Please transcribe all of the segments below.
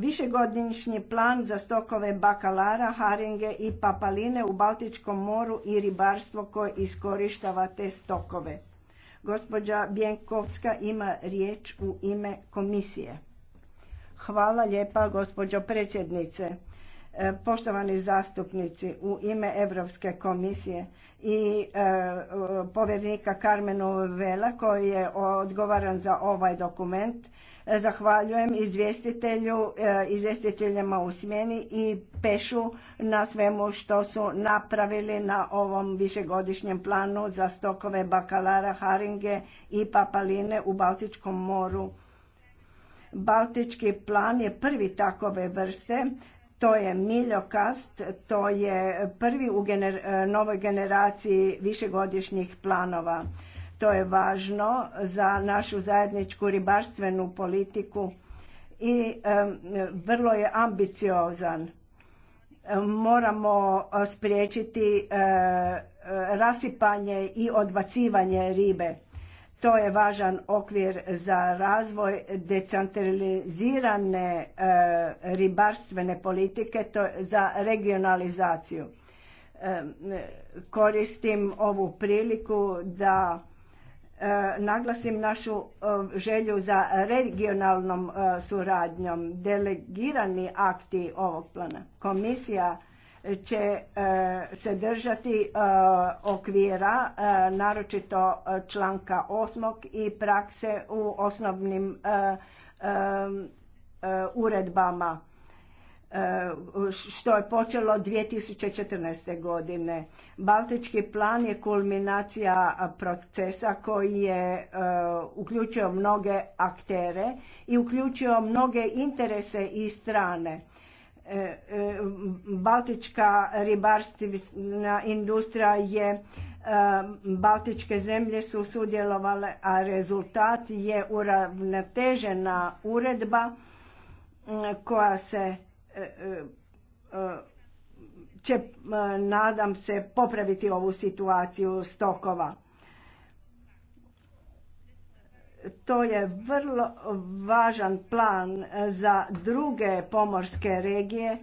Višegodišnji plan za stokove bakalara, haringe i papaline u Baltičkom moru i ribarstvo koje iskorištava te stokove. Gospođa Bjenkovska ima riječ u ime komisije. Hvala lijepa gospođo predsjednice. E, poštovani zastupnici u ime Europske komisije i povjernika e, povjerenika Vela koji je odgovaran za ovaj dokument E, zahvaljujem izvjestitelju, e, izvjestiteljima u smjeni i Pešu na svemu što su napravili na ovom višegodišnjem planu za stokove bakalara, haringe i papaline u Baltičkom moru. Baltički plan je prvi takove vrste, to je miljokast, to je prvi u novoj generaciji višegodišnjih planova. To je važno za našu zajedničku ribarstvenu politiku i vrlo je ambiciozan. Moramo e, spriječiti e, rasipanje i odbacivanje ribe. To je važan okvir za razvoj decentralizirane e, ribarstvene politike za regionalizaciju. Koristim ovu priliku da E, naglasim našu e, želju za regionalnom e, suradnjom. Delegirani akti ovog plana. Komisija će se držati okvira, naročito članka 8. i prakse u osnovnim uredbama što je počelo 2014. godine. Baltički plan je kulminacija procesa koji je e, uključio mnoge aktere i uključio mnoge interese i strane. E, e, baltička ribarstvena industrija je Baltičke zemlje su sudjelovale, a rezultat je uravnotežena uredba koja se E, e, e, će, nadam se, popraviti ovu situaciju stokova. To je vrlo važan plan za druge pomorske regije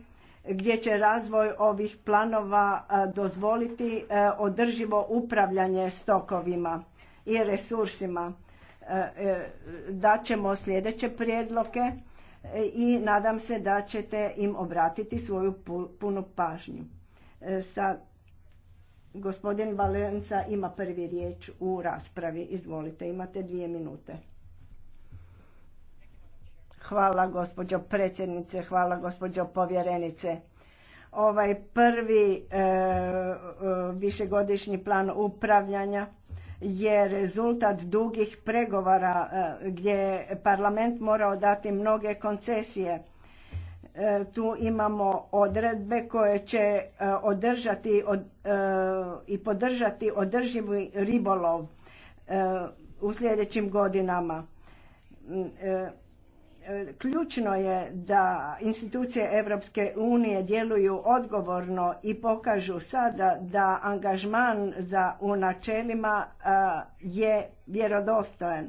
gdje će razvoj ovih planova dozvoliti održivo upravljanje stokovima i resursima. Daćemo sljedeće prijedloge E, i nadam se da ćete im obratiti svoju punu pažnju. E, sa gospodin Valenca ima prvi riječ u raspravi. Izvolite, imate dvije minute. Hvala gospođo predsjednice, hvala gospođo povjerenice. Ovaj prvi e, višegodišnji plan upravljanja je rezultat dugih pregovara e, gdje je parlament morao dati mnoge koncesije. E, tu imamo odredbe koje će e, održati i podržati održivi ribolov u sljedećim godinama mm, Ključno je da institucije Europske unije djeluju odgovorno i pokažu sada da angažman za u načelima je vjerodostojan.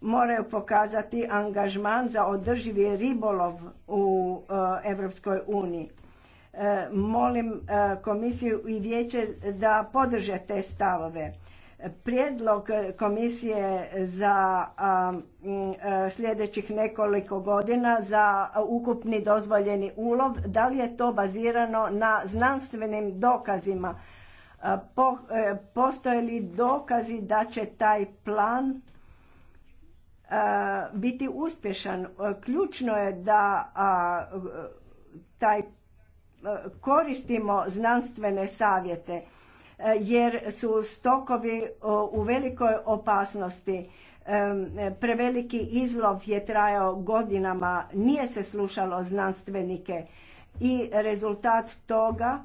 Moraju pokazati angažman za održivi ribolov u Europskoj uniji. E, molim komisiju i vijeće da podrže te stavove Prijedlog komisije za e, sljedećih nekoliko godina za ukupni dozvoljeni ulov, da li je to bazirano na znanstvenim dokazima? E, postoje li dokazi da će taj plan biti uspješan. Ključno je da taj koristimo znanstvene savjete jer su stokovi u velikoj opasnosti. Preveliki izlov je trajao godinama, nije se slušalo znanstvenike i rezultat toga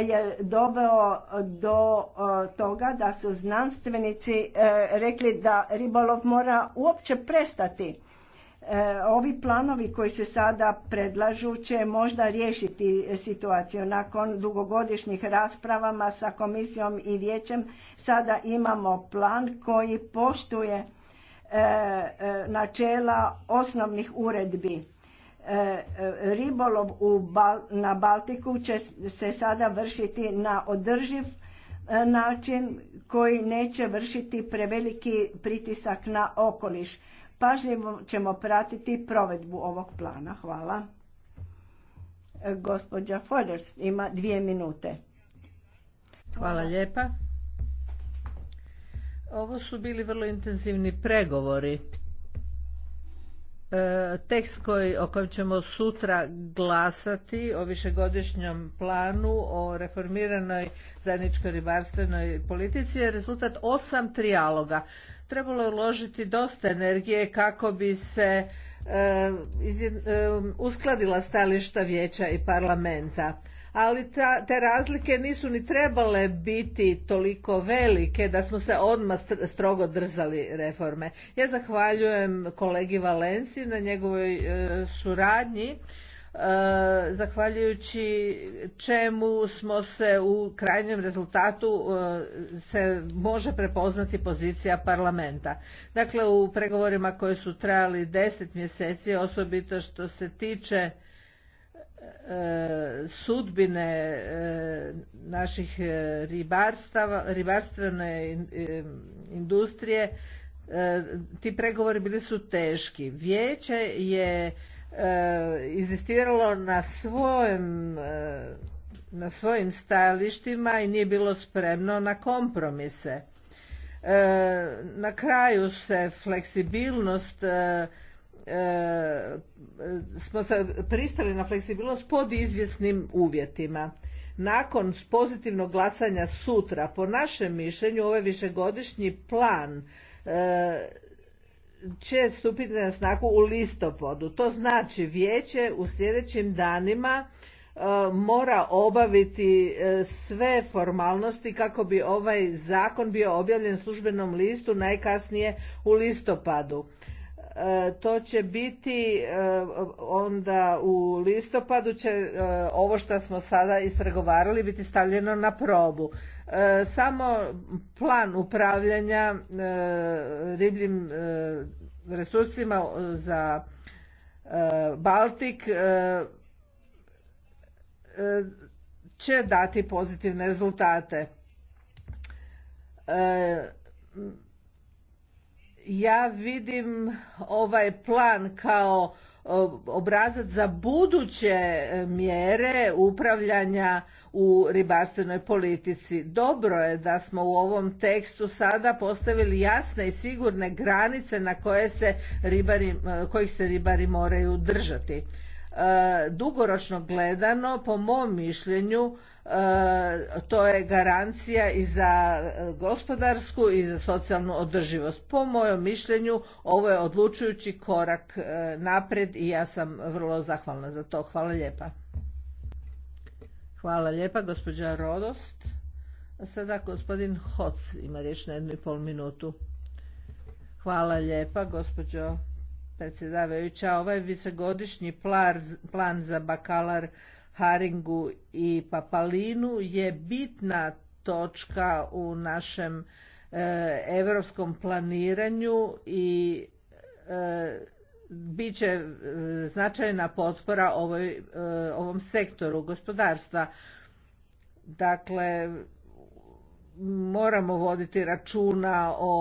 je doveo do toga da su znanstvenici e, rekli da ribolov mora uopće prestati E, ovi planovi koji se sada predlažu će možda riješiti situaciju. Nakon dugogodišnjih raspravama sa komisijom i vijećem sada imamo plan koji poštuje e, e, načela osnovnih uredbi. Ribolov na Baltiku će se sada vršiti na održiv način koji neće vršiti preveliki pritisak na okoliš Pažljivo ćemo pratiti provedbu ovog plana. Hvala. E, gospođa Foders ima dvije minute. Hvala, lijepa. Ovo su bili vrlo intenzivni pregovori. E, tekst o kojem ćemo sutra glasati o višegodišnjem planu o reformiranoj zajedničkoj ribarstvenoj politici je rezultat osam trijaloga trebalo je uložiti dosta energije kako bi se eh, eh, uskladila stajališta vijeća i parlamenta ali te razlike nisu ni trebale biti toliko velike da smo se odmah strogo drzali reforme. Ja zahvaljujem kolegi Valenci na njegovoj eh, suradnji E, zahvaljujući čemu smo se u krajnjem rezultatu e, se može prepoznati pozicija parlamenta. Dakle, u pregovorima koji su trajali deset mjeseci, osobito što se tiče e, sudbine naših ribarstvene industrije, ti pregovori bili su teški. Vijeće je Eh, inzistiralo na svojem eh, na svojim stajalištima i nije bilo spremno na kompromise. Eh, na kraju se fleksibilnost smo se pristali na fleksibilnost pod izvjesnim uvjetima. Nakon pozitivnog glasanja sutra, po našem mišljenju, ovaj višegodišnji plan E, će stupiti na snagu u listopadu. To znači vijeće u sljedećim danima e, mora obaviti e, sve formalnosti kako bi ovaj zakon bio objavljen službenom listu najkasnije u listopadu. E, to će biti e, onda u listopadu će e, ovo što smo sada ispregovarali biti stavljeno na probu. Samo plan upravljanja ribljim resursima za Baltik će dati pozitivne rezultate ja vidim ovaj plan kao obrazac za buduće e, mjere upravljanja u ribarstvenoj politici. Dobro je da smo u ovom tekstu sada postavili jasne i sigurne granice na koje se e, kojih se ribari moraju držati. E, dugoročno gledano po mom mišljenju e, to je garancija i za e, gospodarsku i za socijalnu održivost. Po mojom mišljenju ovo je odlučujući korak naprijed i ja sam vrlo zahvalna za to. Hvala lijepa. Hvala lijepa gospođa Rodost. A sada gospodin Hoc ima riječ na jednu i pol minutu. Hvala lijepa gospođo predsjedavajuća. Ovaj visegodišnji plan za bakalar, haringu i papalinu je bitna točka u našem europskom planiranju i e, bit će e, značajna potpora e, ovom sektoru gospodarstva. Dakle, moramo voditi računa o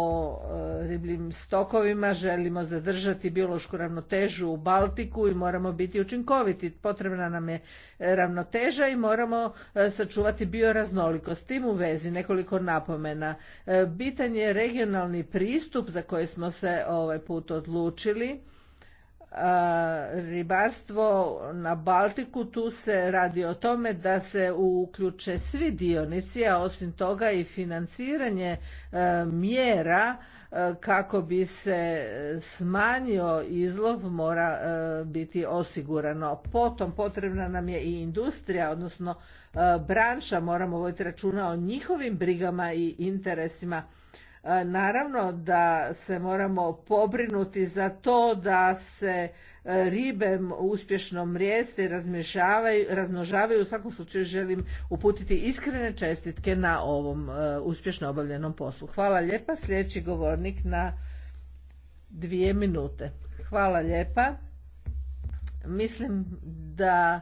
e, ribljim stokovima, želimo zadržati biološku ravnotežu u Baltiku i moramo biti učinkoviti. Potrebna nam je ravnoteža i moramo e, sačuvati bioraznolikost. tim u vezi nekoliko napomena. E, bitan je regionalni pristup za koji smo se ovaj put odlučili ribarstvo na Baltiku, tu se radi o tome da se uključe svi dionici, a osim toga i financiranje e, mjera e, kako bi se smanjio izlov mora e, biti osigurano. Potom potrebna nam je i industrija, odnosno branša, moramo voditi računa o njihovim brigama i interesima Naravno da se moramo pobrinuti za to da se e, ribe uspješno mrijeste i razmnožavaju. U svakom slučaju želim uputiti iskrene čestitke na ovom e, uspješno obavljenom poslu. Hvala lijepa. Sljedeći govornik na dvije minute. Hvala lijepa. Mislim da e,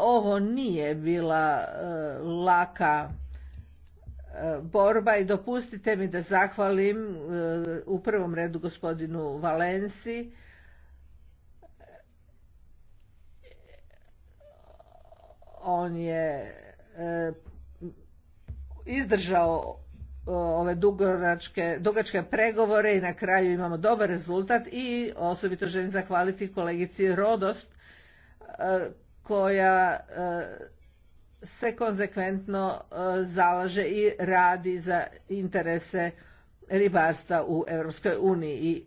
ovo nije bila laka borba i dopustite mi da zahvalim e, u prvom redu gospodinu Valensi on je e, izdržao e, ove dugoračke, dugačke pregovore i na kraju imamo dobar rezultat i osobito želim zahvaliti kolegici Rodost koja se konzekventno e, zalaže i radi za interese ribarstva u Europskoj uniji i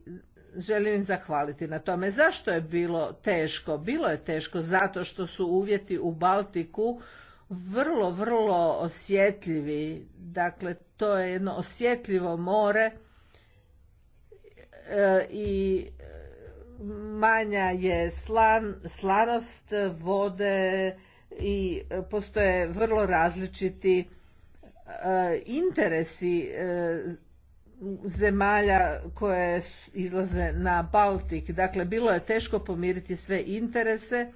želim im zahvaliti na tome. Zašto je bilo teško? Bilo je teško zato što su uvjeti u Baltiku vrlo, vrlo osjetljivi. Dakle, to je jedno osjetljivo more e, i manja je slan, slanost vode, i e, postoje vrlo različiti e, interesi e, zemalja koje izlaze na Baltik. Dakle, bilo je teško pomiriti sve interese.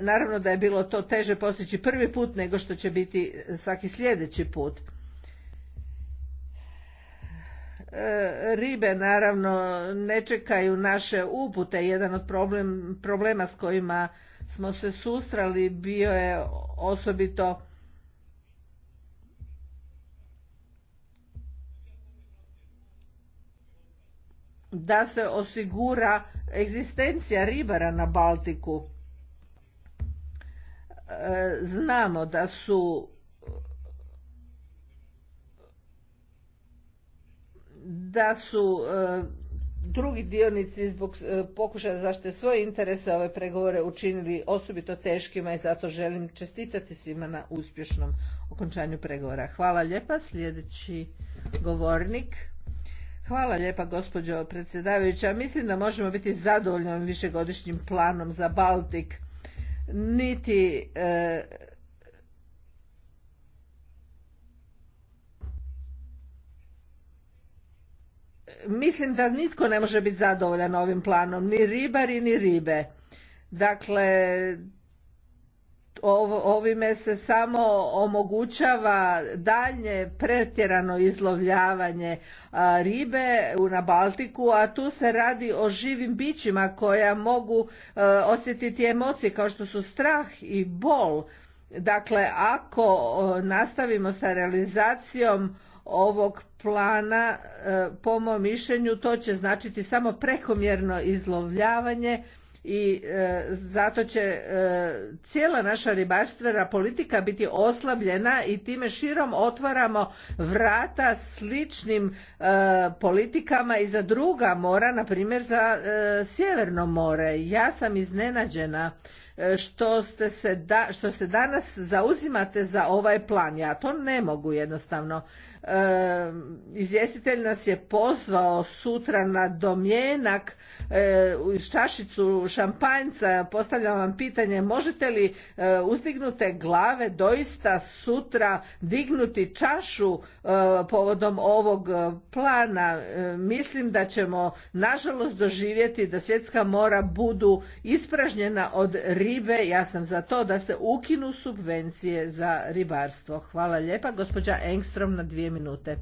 Naravno da je bilo to teže postići prvi put nego što će biti svaki sljedeći put. Ribe naravno ne čekaju naše upute. Jedan od problema s kojima smo se sustrali bio je osobito da se osigura egzistencija ribara na Baltiku. E, znamo da su da su e, drugi dionici zbog e, pokušaja zaštite svoje interese ove pregovore učinili osobito teškima i zato želim čestitati svima na uspješnom okončanju pregovora. Hvala lijepa. Sljedeći govornik. Hvala lijepa gospođo predsjedavajuća. Mislim da možemo biti zadovoljni ovim višegodišnjim planom za Baltik. Niti e, mislim da nitko ne može biti zadovoljan ovim planom, ni ribari, ni ribe. Dakle, ovime se samo omogućava dalje pretjerano izlovljavanje ribe na Baltiku, a tu se radi o živim bićima koja mogu osjetiti emocije kao što su strah i bol. Dakle, ako nastavimo sa realizacijom ovog plana e, po mom mišljenju to će značiti samo prekomjerno izlovljavanje i e, zato će e, cijela naša ribarstvena politika biti oslabljena i time širom otvaramo vrata sličnim politikama i za druga mora na primjer za sjeverno more ja sam iznenađena što, ste se da, što se danas zauzimate za ovaj plan. Ja to ne mogu jednostavno izvjestitelj nas je pozvao sutra na domjenak e, u čašicu šampanjca. Postavljam vam pitanje, možete li e, uzdignute glave doista sutra dignuti čašu e, povodom ovog plana? Mislim da ćemo nažalost doživjeti da svjetska mora budu ispražnjena od ribe. Ja sam za to da se ukinu subvencije za ribarstvo. Hvala lijepa. Gospođa Engstrom na dvije minute.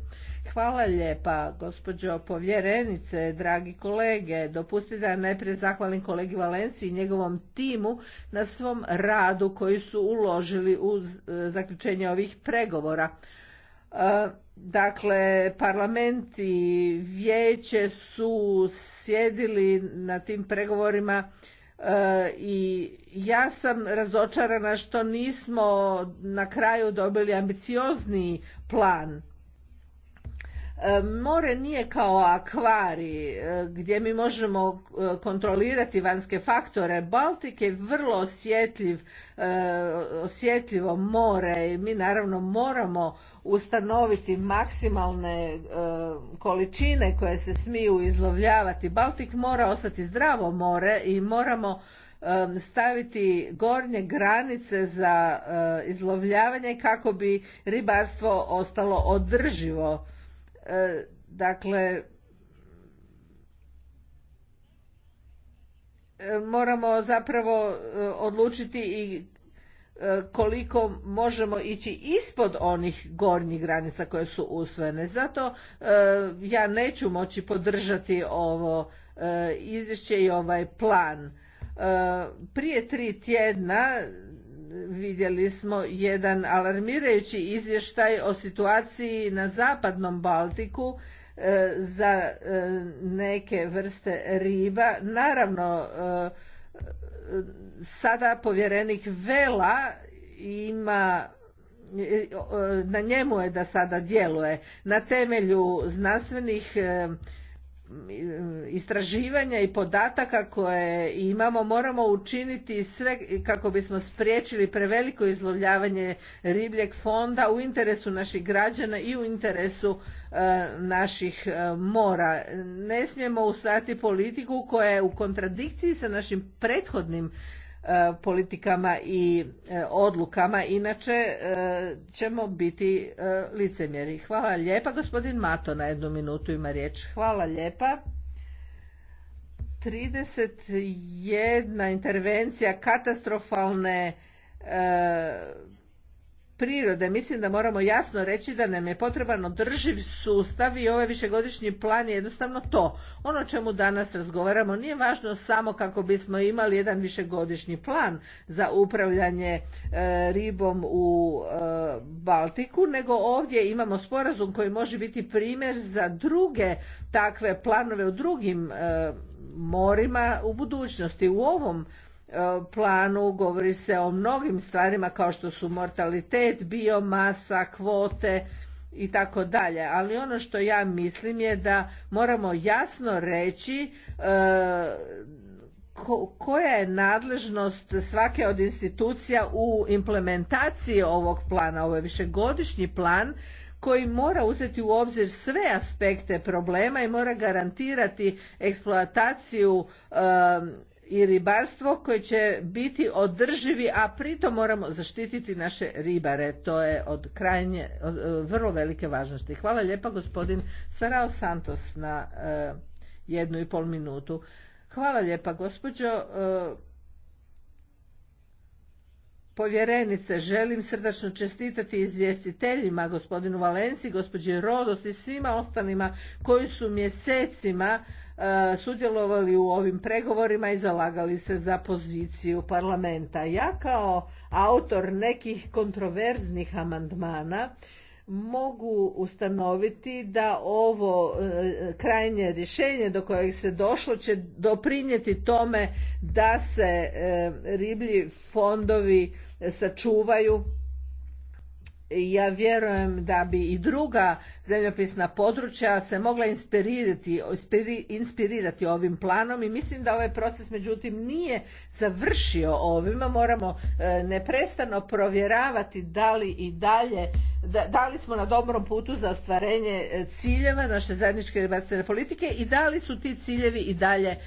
Hvala lijepa, gospođo povjerenice, dragi kolege. Dopustite da najprije zahvalim kolegi Valenciji i njegovom timu na svom radu koji su uložili u e, zaključenje ovih pregovora. E, dakle, parlament i vijeće su sjedili na tim pregovorima e, i ja sam razočarana što nismo na kraju dobili ambiciozni plan E, more nije kao akvari e, gdje mi možemo e, kontrolirati vanjske faktore. Baltik je vrlo osjetljiv, osjetljivo more i mi naravno moramo ustanoviti maksimalne količine koje se smiju izlovljavati. Baltik mora ostati zdravo more i moramo staviti gornje granice za izlovljavanje kako bi ribarstvo ostalo održivo E, dakle, e, moramo zapravo e, odlučiti i koliko možemo ići ispod onih gornjih granica koje su usvojene. Zato ja neću moći podržati ovo izvješće i ovaj plan. Prije tri tjedna vidjeli smo jedan alarmirajući izvještaj o situaciji na zapadnom Baltiku e, za e, neke vrste riba. Naravno, e, sada povjerenik Vela ima na njemu je da sada djeluje na temelju znanstvenih istraživanja i podataka koje imamo moramo učiniti sve kako bismo spriječili preveliko izlovljavanje ribljeg fonda u interesu naših građana i u interesu e, naših e, mora. Ne smijemo usvajati politiku koja je u kontradikciji sa našim prethodnim E, politikama i e, odlukama, inače e, ćemo biti licemjeri. Hvala lijepa, gospodin Mato na jednu minutu ima riječ. Hvala lijepa. 31 intervencija katastrofalne prirode. Mislim da moramo jasno reći da nam je potreban održiv sustav i ovaj višegodišnji plan je jednostavno to. Ono čemu danas razgovaramo nije važno samo kako bismo imali jedan višegodišnji plan za upravljanje e, ribom u e, Baltiku, nego ovdje imamo sporazum koji može biti primjer za druge takve planove u drugim e, morima u budućnosti. U ovom E, planu govori se o mnogim stvarima kao što su mortalitet, biomasa, kvote i tako dalje. Ali ono što ja mislim je da moramo jasno reći e, koja je nadležnost svake od institucija u implementaciji ovog plana. Ovo je višegodišnji plan koji mora uzeti u obzir sve aspekte problema i mora garantirati eksploataciju e, i ribarstvo koji će biti održivi, a pritom moramo zaštititi naše ribare. To je od krajnje, od, e, vrlo velike važnosti. Hvala lijepa gospodin Sarao Santos na e, jednu i pol minutu. Hvala lijepa gospođo e, povjerenice. Želim srdačno čestitati izvjestiteljima, gospodinu Valenci, gospođi Rodos i svima ostalima koji su mjesecima E, sudjelovali u ovim pregovorima i zalagali se za poziciju parlamenta. Ja kao autor nekih kontroverznih amandmana mogu ustanoviti da ovo e, krajnje rješenje do kojeg se došlo će doprinijeti tome da se e, riblji fondovi sačuvaju ja vjerujem da bi i druga zemljopisna područja se mogla inspirirati, inspirirati ovim planom i mislim da ovaj proces međutim nije završio ovima. Moramo e, neprestano provjeravati da li i dalje da, da li smo na dobrom putu za ostvarenje e, ciljeva naše zajedničke ribarstvene politike i da li su ti ciljevi i dalje e,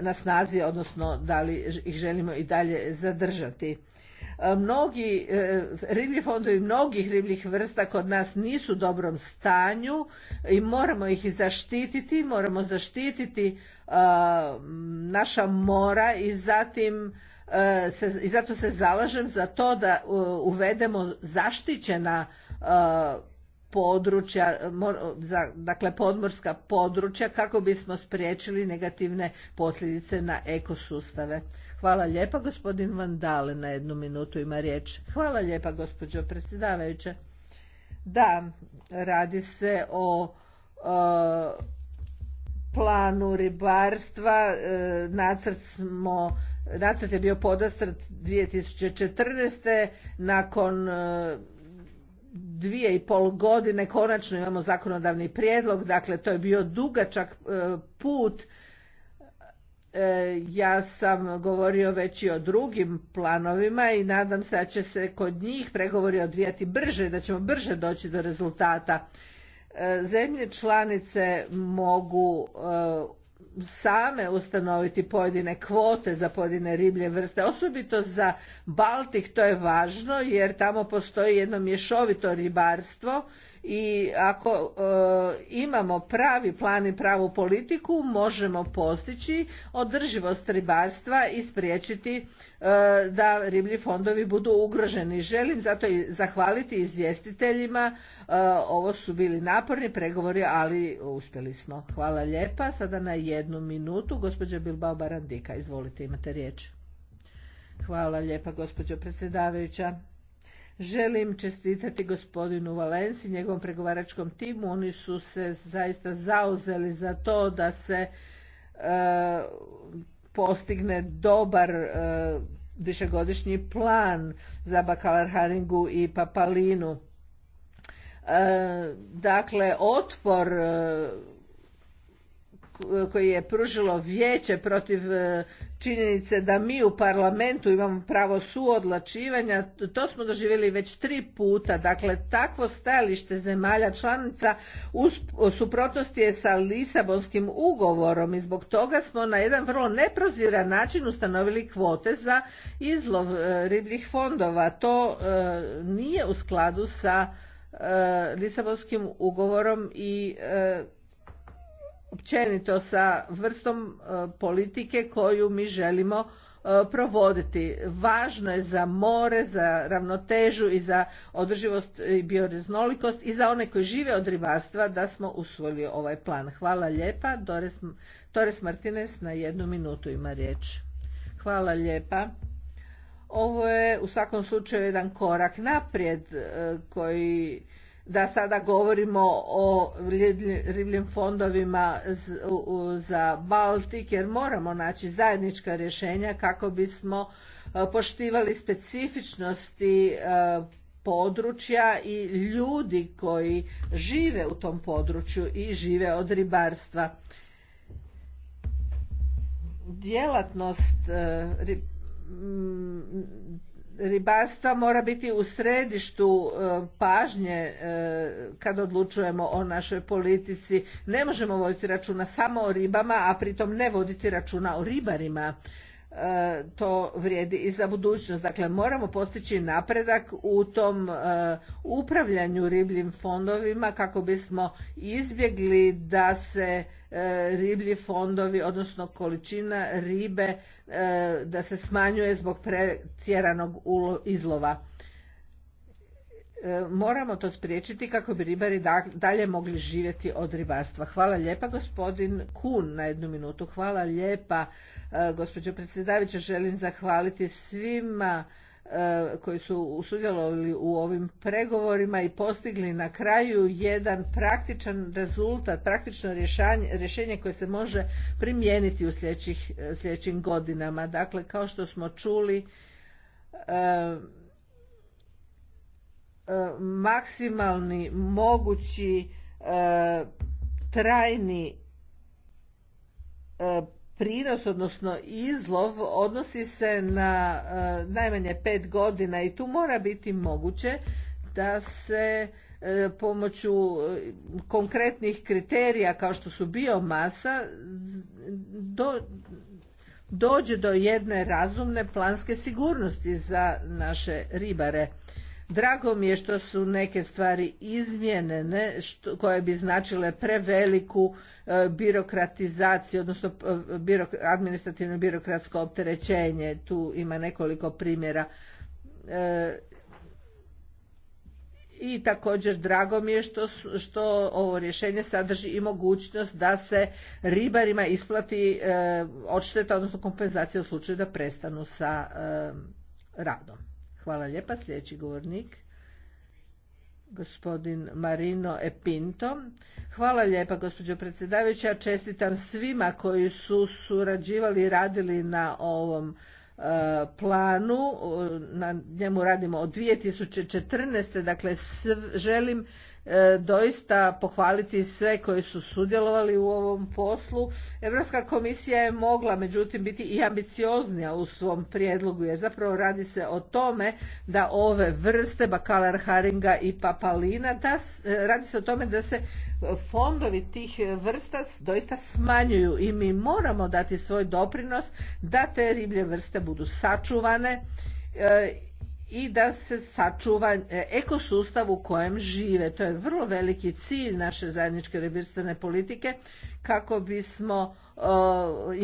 na snazi, odnosno da li ih želimo i dalje zadržati. Mnogi e, riblji fondovi mnogih ribljih vrsta kod nas nisu u dobrom stanju i moramo ih zaštititi, moramo zaštititi e, naša mora i zatim e, i zato se zalažem za to da uvedemo zaštićena područja, dakle podmorska područja kako bismo spriječili negativne posljedice na ekosustave. Hvala lijepa, gospodin Vandale na jednu minutu ima riječ. Hvala lijepa, gospođo predsjedavajuće. Da, radi se o e, planu ribarstva. E, nacrt smo Nacrt je bio podastrt 2014. Nakon e, dvije i pol godine konačno imamo zakonodavni prijedlog. Dakle, to je bio dugačak e, put E, ja sam govorio već i o drugim planovima i nadam se da će se kod njih pregovori odvijati brže i da ćemo brže doći do rezultata. E, zemlje članice mogu e, same ustanoviti pojedine kvote za pojedine riblje vrste, osobito za Baltik to je važno jer tamo postoji jedno mješovito ribarstvo i ako e, imamo pravi plan i pravu politiku možemo postići održivost ribarstva i spriječiti e, da riblji fondovi budu ugroženi. Želim zato i zahvaliti izvjestiteljima. E, ovo su bili naporni pregovori, ali uspjeli smo. Hvala lijepa. Sada na jednu minutu gospođa Bilbao Barandika. Izvolite, imate riječ. Hvala lijepa gospođo predsjedavajuća. Želim čestitati gospodinu Valensi, njegovom pregovaračkom timu. Oni su se zaista zauzeli za to da se e, postigne dobar e, višegodišnji plan za bakalar Haringu i Papalinu. E, dakle, otpor e, koji je pružilo vijeće protiv e, činjenice da mi u parlamentu imamo pravo suodlačivanja, to smo doživjeli već tri puta. Dakle, takvo stajalište zemalja članica u suprotnosti je sa Lisabonskim ugovorom i zbog toga smo na jedan vrlo neproziran način ustanovili kvote za izlov e, ribljih fondova. To e, nije u skladu sa Lisabonskim ugovorom i općenito sa vrstom e, politike koju mi želimo e, provoditi. Važno je za more, za ravnotežu i za održivost i bioreznolikost i za one koji žive od ribarstva da smo usvojili ovaj plan. Hvala lijepa. Dores, Torres Martinez na jednu minutu ima riječ. Hvala lijepa. Ovo je u svakom slučaju jedan korak naprijed e, koji da sada govorimo o ribljim fondovima za Baltik jer moramo naći zajednička rješenja kako bismo e, poštivali specifičnosti e, područja i ljudi koji žive u tom području i žive od ribarstva. Djelatnost e, ribarstva mora biti u središtu e, pažnje e, kad odlučujemo o našoj politici. Ne možemo voditi računa samo o ribama, a pritom ne voditi računa o ribarima. E, to vrijedi i za budućnost. Dakle, moramo postići napredak u tom e, upravljanju ribljim fondovima kako bismo izbjegli da se e, riblji fondovi, odnosno količina ribe da se smanjuje zbog pretjeranog izlova. E, moramo to spriječiti kako bi ribari dalje mogli živjeti od ribarstva. Hvala lijepa gospodin Kun na jednu minutu. Hvala lijepa e, gospođo predsjedavajuća. Želim zahvaliti svima e, koji su sudjelovali u ovim pregovorima i postigli na kraju jedan praktičan rezultat, praktično rješenje koje se može primijeniti u sljedećim godinama. Dakle, kao što smo čuli, E, maksimalni mogući e, trajni e, prinos, odnosno izlov, odnosi se na najmanje pet godina i tu mora biti moguće da se pomoću konkretnih kriterija kao što su biomasa do, dođe do jedne razumne planske sigurnosti za naše ribare. Drago mi je što su neke stvari izmjenene, što, koje bi značile preveliku e, birokratizaciju, odnosno e, administrativno birokratsko opterećenje. Tu ima nekoliko primjera. E, I također drago mi je što, što ovo rješenje sadrži i mogućnost da se ribarima isplati odšteta, odnosno kompenzacija u slučaju da prestanu sa radom. Hvala lijepa. Sljedeći govornik, gospodin Marino Epinto. Hvala lijepa, gospođo predsjedavajuća. Čestitam svima koji su surađivali i radili na ovom e, planu, e, na njemu radimo od 2014. Dakle, želim E, doista pohvaliti sve koji su sudjelovali u ovom poslu. Europska komisija je mogla međutim biti i ambicioznija u svom prijedlogu jer zapravo radi se o tome da ove vrste bakalar haringa i papalina da e, radi se o tome da se fondovi tih vrsta doista smanjuju i mi moramo dati svoj doprinos da te riblje vrste budu sačuvane e, i da se sačuva e, ekosustav u kojem žive. To je vrlo veliki cilj naše zajedničke ribirstvene politike kako bismo e,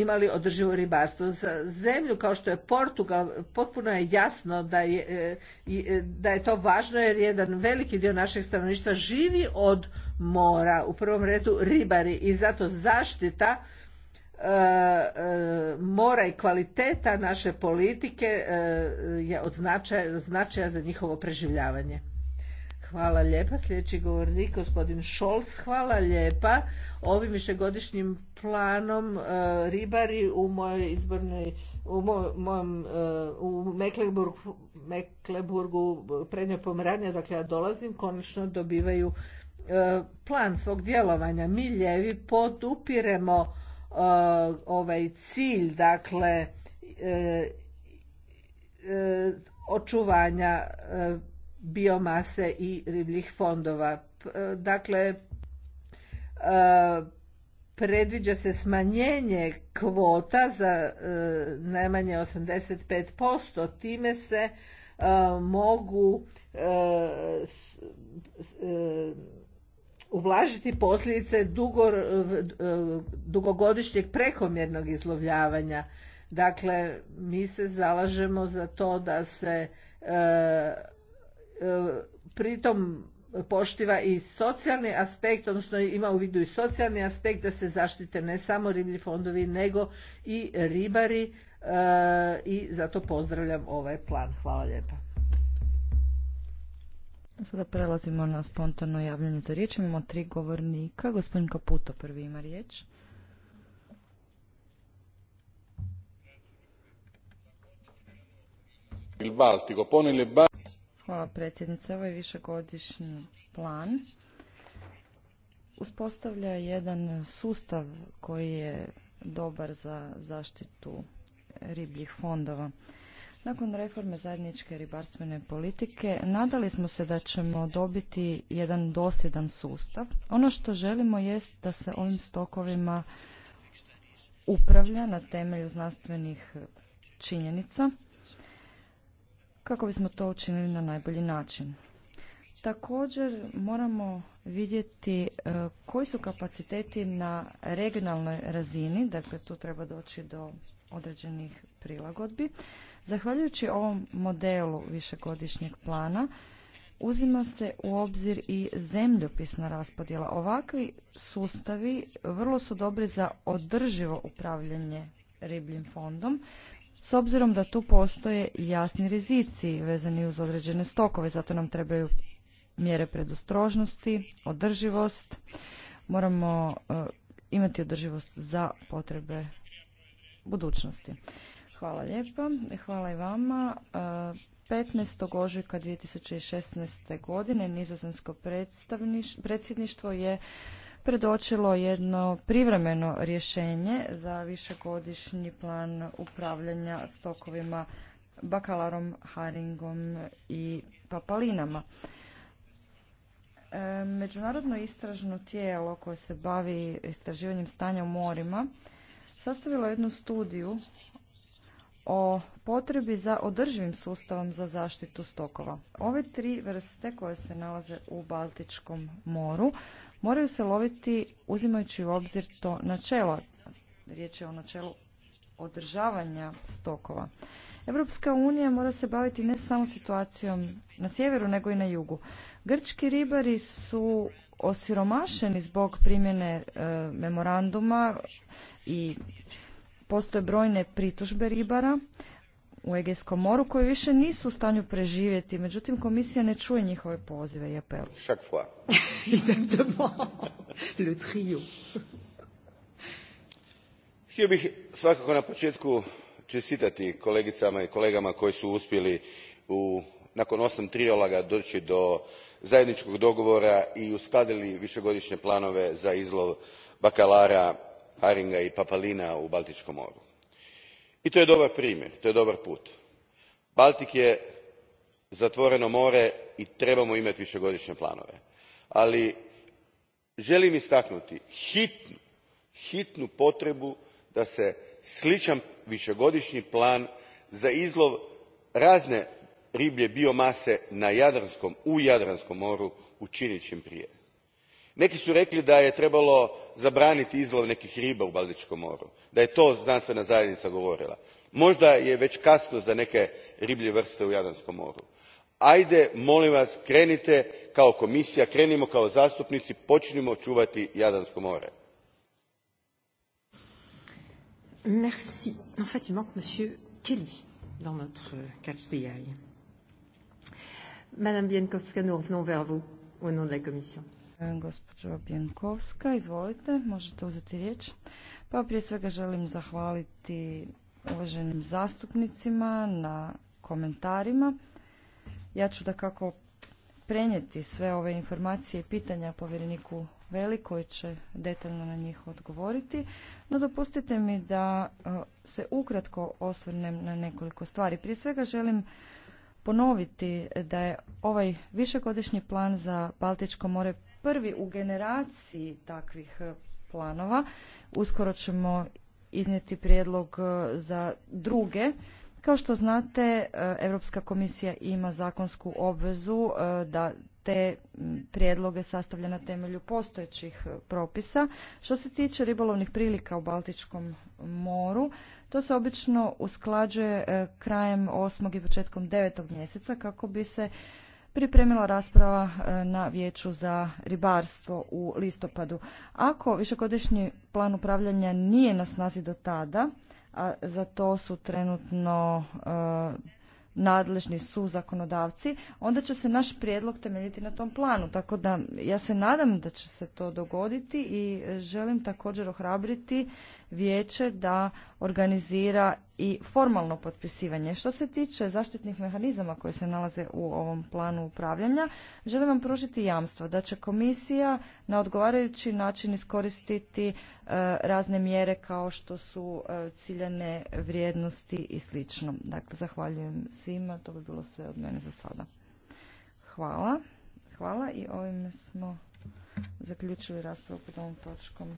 imali održivo ribarstvo. Za zemlju kao što je Portugal potpuno je jasno da je, e, da je to važno jer jedan veliki dio našeg stanovništva živi od mora, u prvom redu ribari i zato zaštita E, e, mora i kvaliteta naše politike e, je od značaja, za njihovo preživljavanje. Hvala lijepa. Sljedeći govornik, gospodin Šolc. Hvala lijepa. Ovim višegodišnjim planom ribari u mojoj izbornoj u, moj, mojom, u Mekleburgu, Mecklenburgu, prednjoj pomeranje, dakle ja dolazim, konačno dobivaju plan svog djelovanja. Mi ljevi podupiremo ovaj cilj dakle e, e, očuvanja e, biomase i ribljih fondova. Dakle, predviđa se smanjenje kvota za najmanje 85%. Time se mogu ublažiti posljedice eh, dugogodišnjeg prekomjernog izlovljavanja. Dakle, mi se zalažemo za to da se eh, eh, pritom poštiva i socijalni aspekt, odnosno ima u vidu i socijalni aspekt da se zaštite ne samo riblji fondovi, nego i ribari i zato pozdravljam ovaj plan. Hvala lijepa. Sada prelazimo na spontano javljanje za riječ. Imamo tri govornika. Gospodin Kaputo prvi ima riječ. Hvala predsjednice. Ovaj višegodišnji plan uspostavlja jedan sustav koji je dobar za zaštitu ribljih fondova. Nakon reforme zajedničke ribarstvene politike nadali smo se da ćemo dobiti jedan dosljedan sustav. Ono što želimo jest da se ovim stokovima upravlja na temelju znanstvenih činjenica kako bismo to učinili na najbolji način. Također moramo vidjeti e, koji su kapaciteti na regionalnoj razini, dakle tu treba doći do određenih prilagodbi. Zahvaljujući ovom modelu višegodišnjeg plana, uzima se u obzir i zemljopisna raspodjela. Ovakvi sustavi vrlo su dobri za održivo upravljanje ribljim fondom, s obzirom da tu postoje jasni rizici vezani uz određene stokove, zato nam trebaju mjere predostrožnosti, održivost, moramo e, imati održivost za potrebe budućnosti. Hvala lijepa. Hvala i vama. 15. E, ožujka 2016. godine nizozemsko predsjedništvo je predočilo jedno privremeno rješenje za višegodišnji plan upravljanja stokovima bakalarom, haringom i papalinama. E, međunarodno istražno tijelo koje se bavi istraživanjem stanja u morima sastavilo jednu studiju o potrebi za održivim sustavom za zaštitu stokova. Ove tri vrste koje se nalaze u Baltičkom moru moraju se loviti uzimajući u obzir to načelo. Riječ je o načelu održavanja stokova. Europska unija mora se baviti ne samo situacijom na sjeveru, nego i na jugu. Grčki ribari su osiromašeni zbog primjene e, memoranduma i Postoje brojne pritužbe ribara u Egejskom moru koji više nisu u stanju preživjeti, međutim komisija ne čuje njihove pozive i apel. Htio bih svakako na početku čestitati kolegicama i kolegama koji su uspjeli u, nakon osam triolaga doći do zajedničkog dogovora i uskladili višegodišnje planove za izlov bakalara haringa i papalina u baltičkom moru i to je dobar primjer to je dobar put. baltik je zatvoreno more i trebamo imati višegodišnje planove ali želim istaknuti hitnu, potrebu da se sličan višegodišnji plan za izlov razne riblje biomase na jadranskom, u jadranskom moru učini čim prije neki su rekli da je trebalo zabraniti izlov nekih riba u baltičkom moru da je to znanstvena zajednica govorila. možda je već kasno za neke riblje vrste u jadranskom moru. Ajde, molim vas krenite kao komisija krenimo kao zastupnici počnimo čuvati jadransko more. Euh, madame E, gospođo Bjenkovska, izvolite, možete uzeti riječ. Pa prije svega želim zahvaliti uvaženim zastupnicima na komentarima. Ja ću da kako prenijeti sve ove informacije i pitanja povjereniku Veli koji će detaljno na njih odgovoriti. No dopustite mi da e, se ukratko osvrnem na nekoliko stvari. Prije svega želim ponoviti da je ovaj višegodišnji plan za Baltičko more prvi u generaciji takvih e, planova. Uskoro ćemo iznijeti prijedlog e, za druge. Kao što znate, e, Europska komisija ima zakonsku obvezu da te prijedloge sastavlja na temelju postojećih propisa. Što se tiče ribolovnih prilika u Baltičkom moru, to se obično usklađuje krajem 8. i početkom 9. mjeseca kako bi se pripremila rasprava e, na vijeću za ribarstvo u listopadu. Ako višegodišnji plan upravljanja nije na snazi do tada, a za to su trenutno e, nadležni su zakonodavci, onda će se naš prijedlog temeljiti na tom planu. Tako da ja se nadam da će se to dogoditi i e, želim također ohrabriti vijeće da organizira i formalno potpisivanje. Što se tiče zaštitnih mehanizama koji se nalaze u ovom planu upravljanja, želim vam pružiti jamstvo da će komisija na odgovarajući način iskoristiti e, razne mjere kao što su ciljene ciljane vrijednosti i sl. Dakle, zahvaljujem svima, to bi bilo sve od mene za sada. Hvala. Hvala i ovime smo zaključili raspravu pod ovom točkom.